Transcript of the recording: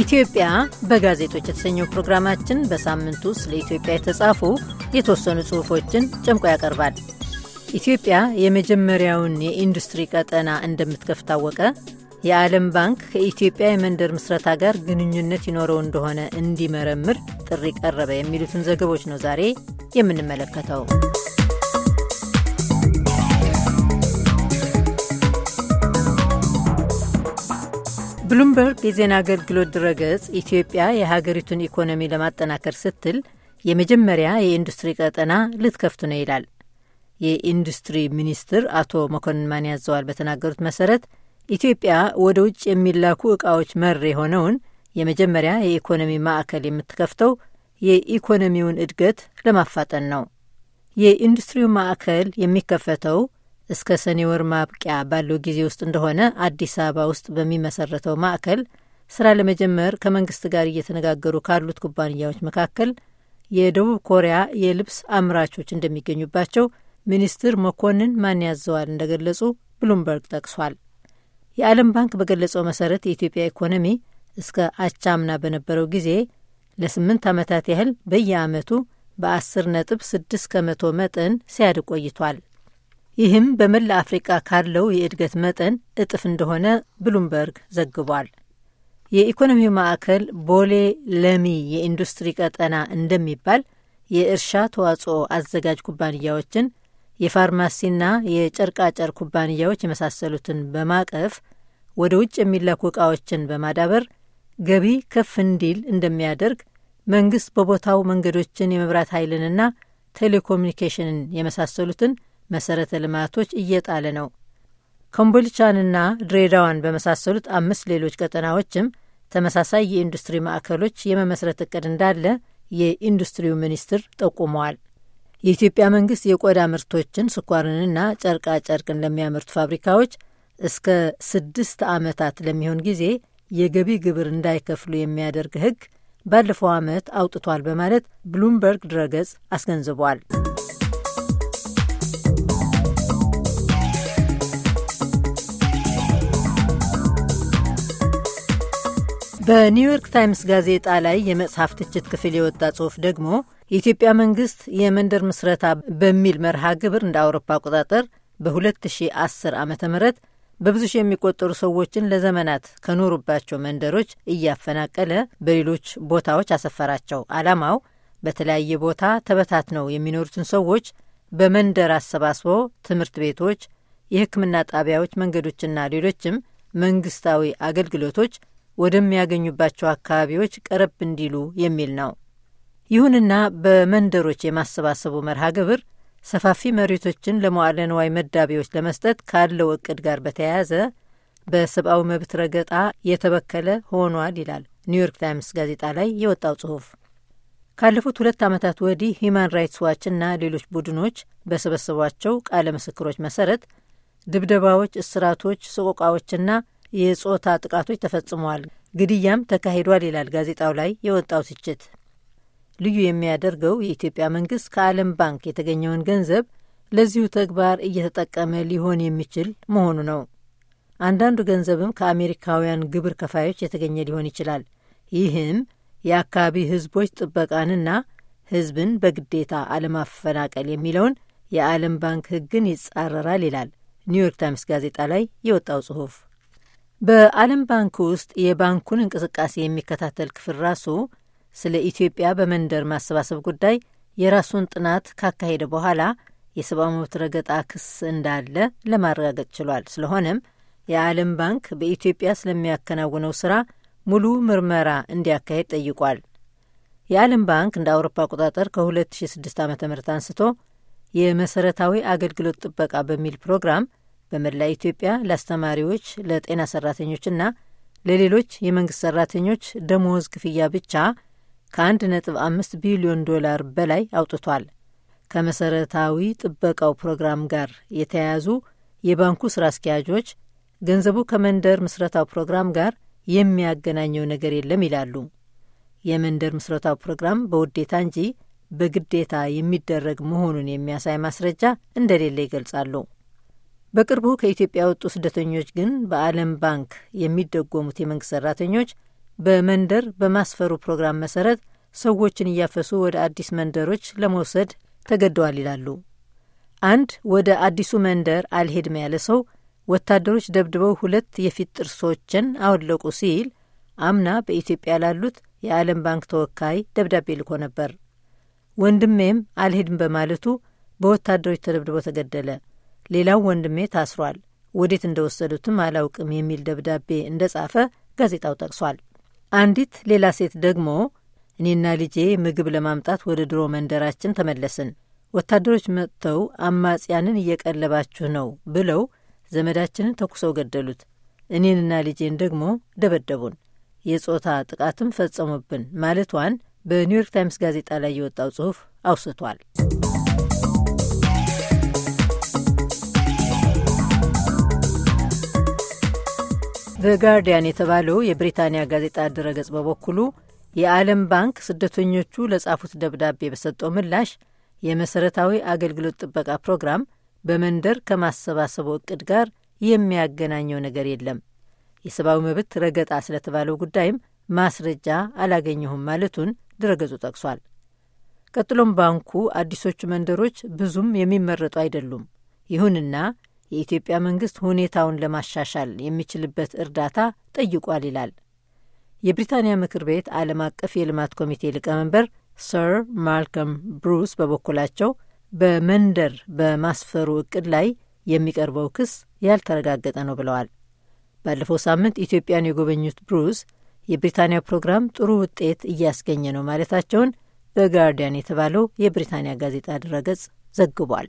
ኢትዮጵያ በጋዜጦች የተሰኘው ፕሮግራማችን በሳምንት ውስጥ ለኢትዮጵያ የተጻፉ የተወሰኑ ጽሑፎችን ጨምቆ ያቀርባል። ኢትዮጵያ የመጀመሪያውን የኢንዱስትሪ ቀጠና እንደምትከፍት ታወቀ፣ የዓለም ባንክ ከኢትዮጵያ የመንደር ምስረታ ጋር ግንኙነት ይኖረው እንደሆነ እንዲመረምር ጥሪ ቀረበ፣ የሚሉትን ዘገቦች ነው ዛሬ የምንመለከተው። ብሉምበርግ የዜና አገልግሎት ድረገጽ ኢትዮጵያ የሀገሪቱን ኢኮኖሚ ለማጠናከር ስትል የመጀመሪያ የኢንዱስትሪ ቀጠና ልትከፍት ነው ይላል። የኢንዱስትሪ ሚኒስትር አቶ መኮንን ማን ያዘዋል በተናገሩት መሰረት ኢትዮጵያ ወደ ውጭ የሚላኩ ዕቃዎች መር የሆነውን የመጀመሪያ የኢኮኖሚ ማዕከል የምትከፍተው የኢኮኖሚውን እድገት ለማፋጠን ነው። የኢንዱስትሪው ማዕከል የሚከፈተው እስከ ሰኔ ወር ማብቂያ ባለው ጊዜ ውስጥ እንደሆነ አዲስ አበባ ውስጥ በሚመሰረተው ማዕከል ስራ ለመጀመር ከመንግስት ጋር እየተነጋገሩ ካሉት ኩባንያዎች መካከል የደቡብ ኮሪያ የልብስ አምራቾች እንደሚገኙባቸው ሚኒስትር መኮንን ማን ያዘዋል እንደገለጹ ብሉምበርግ ጠቅሷል። የዓለም ባንክ በገለጸው መሰረት የኢትዮጵያ ኢኮኖሚ እስከ አቻምና በነበረው ጊዜ ለስምንት ዓመታት ያህል በየአመቱ በአስር ነጥብ ስድስት ከመቶ መጠን ሲያድግ ቆይቷል። ይህም በመላ አፍሪቃ ካለው የእድገት መጠን እጥፍ እንደሆነ ብሉምበርግ ዘግቧል። የኢኮኖሚው ማዕከል ቦሌ ለሚ የኢንዱስትሪ ቀጠና እንደሚባል የእርሻ ተዋጽኦ አዘጋጅ ኩባንያዎችን የፋርማሲና የጨርቃጨር ኩባንያዎች የመሳሰሉትን በማቀፍ ወደ ውጭ የሚላኩ ዕቃዎችን በማዳበር ገቢ ከፍ እንዲል እንደሚያደርግ መንግሥት በቦታው መንገዶችን፣ የመብራት ኃይልንና ቴሌኮሙኒኬሽንን የመሳሰሉትን መሰረተ ልማቶች እየጣለ ነው። ኮምቦልቻንና ድሬዳዋን በመሳሰሉት አምስት ሌሎች ቀጠናዎችም ተመሳሳይ የኢንዱስትሪ ማዕከሎች የመመስረት እቅድ እንዳለ የኢንዱስትሪው ሚኒስትር ጠቁመዋል። የኢትዮጵያ መንግስት የቆዳ ምርቶችን ስኳርንና ጨርቃ ጨርቅን ለሚያመርቱ ፋብሪካዎች እስከ ስድስት ዓመታት ለሚሆን ጊዜ የገቢ ግብር እንዳይከፍሉ የሚያደርግ ሕግ ባለፈው ዓመት አውጥቷል በማለት ብሉምበርግ ድረገጽ አስገንዝቧል። በኒውዮርክ ታይምስ ጋዜጣ ላይ የመጽሐፍ ትችት ክፍል የወጣ ጽሑፍ ደግሞ የኢትዮጵያ መንግስት የመንደር ምስረታ በሚል መርሃ ግብር እንደ አውሮፓ አቆጣጠር በ2010 ዓ ም በብዙ ሺህ የሚቆጠሩ ሰዎችን ለዘመናት ከኖሩባቸው መንደሮች እያፈናቀለ በሌሎች ቦታዎች አሰፈራቸው። አላማው በተለያየ ቦታ ተበታትነው የሚኖሩትን ሰዎች በመንደር አሰባስቦ ትምህርት ቤቶች፣ የሕክምና ጣቢያዎች፣ መንገዶችና ሌሎችም መንግስታዊ አገልግሎቶች ወደሚያገኙባቸው አካባቢዎች ቀረብ እንዲሉ የሚል ነው። ይሁንና በመንደሮች የማሰባሰቡ መርሃ ግብር ሰፋፊ መሬቶችን ለመዋዕለ ንዋይ መዳቢዎች ለመስጠት ካለው እቅድ ጋር በተያያዘ በሰብአዊ መብት ረገጣ የተበከለ ሆኗል ይላል ኒውዮርክ ታይምስ ጋዜጣ ላይ የወጣው ጽሑፍ። ካለፉት ሁለት ዓመታት ወዲህ ሂማን ራይትስ ዋችና ሌሎች ቡድኖች በሰበሰቧቸው ቃለ ምስክሮች መሰረት ድብደባዎች፣ እስራቶች፣ ሰቆቃዎችና የጾታ ጥቃቶች ተፈጽመዋል፣ ግድያም ተካሂዷል ይላል ጋዜጣው ላይ የወጣው ትችት። ልዩ የሚያደርገው የኢትዮጵያ መንግስት ከዓለም ባንክ የተገኘውን ገንዘብ ለዚሁ ተግባር እየተጠቀመ ሊሆን የሚችል መሆኑ ነው። አንዳንዱ ገንዘብም ከአሜሪካውያን ግብር ከፋዮች የተገኘ ሊሆን ይችላል። ይህም የአካባቢ ህዝቦች ጥበቃንና ህዝብን በግዴታ አለማፈናቀል የሚለውን የዓለም ባንክ ህግን ይጻረራል ይላል ኒውዮርክ ታይምስ ጋዜጣ ላይ የወጣው ጽሑፍ። በዓለም ባንክ ውስጥ የባንኩን እንቅስቃሴ የሚከታተል ክፍል ራሱ ስለ ኢትዮጵያ በመንደር ማሰባሰብ ጉዳይ የራሱን ጥናት ካካሄደ በኋላ የሰብአዊ መብት ረገጣ ክስ እንዳለ ለማረጋገጥ ችሏል። ስለሆነም የዓለም ባንክ በኢትዮጵያ ስለሚያከናውነው ስራ ሙሉ ምርመራ እንዲያካሄድ ጠይቋል። የዓለም ባንክ እንደ አውሮፓ አቆጣጠር ከ2006 ዓ ም አንስቶ የመሰረታዊ አገልግሎት ጥበቃ በሚል ፕሮግራም በመላ ኢትዮጵያ ለአስተማሪዎች፣ ለጤና ሰራተኞችና ለሌሎች የመንግሥት ሰራተኞች ደሞዝ ክፍያ ብቻ ከ1.5 ቢሊዮን ዶላር በላይ አውጥቷል። ከመሠረታዊ ጥበቃው ፕሮግራም ጋር የተያያዙ የባንኩ ስራ አስኪያጆች ገንዘቡ ከመንደር ምስረታው ፕሮግራም ጋር የሚያገናኘው ነገር የለም ይላሉ። የመንደር ምስረታው ፕሮግራም በውዴታ እንጂ በግዴታ የሚደረግ መሆኑን የሚያሳይ ማስረጃ እንደሌለ ይገልጻሉ። በቅርቡ ከኢትዮጵያ የወጡ ስደተኞች ግን በዓለም ባንክ የሚደጎሙት የመንግስት ሰራተኞች በመንደር በማስፈሩ ፕሮግራም መሰረት ሰዎችን እያፈሱ ወደ አዲስ መንደሮች ለመውሰድ ተገደዋል ይላሉ። አንድ ወደ አዲሱ መንደር አልሄድም ያለ ሰው ወታደሮች ደብድበው ሁለት የፊት ጥርሶችን አወለቁ ሲል አምና በኢትዮጵያ ላሉት የዓለም ባንክ ተወካይ ደብዳቤ ልኮ ነበር። ወንድሜም አልሄድም በማለቱ በወታደሮች ተደብድቦ ተገደለ። ሌላው ወንድሜ ታስሯል፣ ወዴት እንደወሰዱትም አላውቅም የሚል ደብዳቤ እንደጻፈ ጋዜጣው ጠቅሷል። አንዲት ሌላ ሴት ደግሞ እኔና ልጄ ምግብ ለማምጣት ወደ ድሮ መንደራችን ተመለስን፣ ወታደሮች መጥተው አማጽያንን እየቀለባችሁ ነው ብለው ዘመዳችንን ተኩሰው ገደሉት። እኔንና ልጄን ደግሞ ደበደቡን፣ የጾታ ጥቃትም ፈጸሙብን ማለቷን በኒውዮርክ ታይምስ ጋዜጣ ላይ የወጣው ጽሑፍ አውስቷል። ዘ ጋርዲያን የተባለው የብሪታንያ ጋዜጣ ድረገጽ በበኩሉ የዓለም ባንክ ስደተኞቹ ለጻፉት ደብዳቤ በሰጠው ምላሽ የመሰረታዊ አገልግሎት ጥበቃ ፕሮግራም በመንደር ከማሰባሰበው እቅድ ጋር የሚያገናኘው ነገር የለም፣ የሰብአዊ መብት ረገጣ ስለተባለው ጉዳይም ማስረጃ አላገኘሁም ማለቱን ድረገጹ ጠቅሷል። ቀጥሎም ባንኩ አዲሶቹ መንደሮች ብዙም የሚመረጡ አይደሉም፣ ይሁንና የኢትዮጵያ መንግስት ሁኔታውን ለማሻሻል የሚችልበት እርዳታ ጠይቋል ይላል። የብሪታንያ ምክር ቤት ዓለም አቀፍ የልማት ኮሚቴ ሊቀመንበር ሰር ማልከም ብሩስ በበኩላቸው በመንደር በማስፈሩ እቅድ ላይ የሚቀርበው ክስ ያልተረጋገጠ ነው ብለዋል። ባለፈው ሳምንት ኢትዮጵያን የጎበኙት ብሩስ የብሪታንያ ፕሮግራም ጥሩ ውጤት እያስገኘ ነው ማለታቸውን በጋርዲያን የተባለው የብሪታንያ ጋዜጣ ድረገጽ ዘግቧል።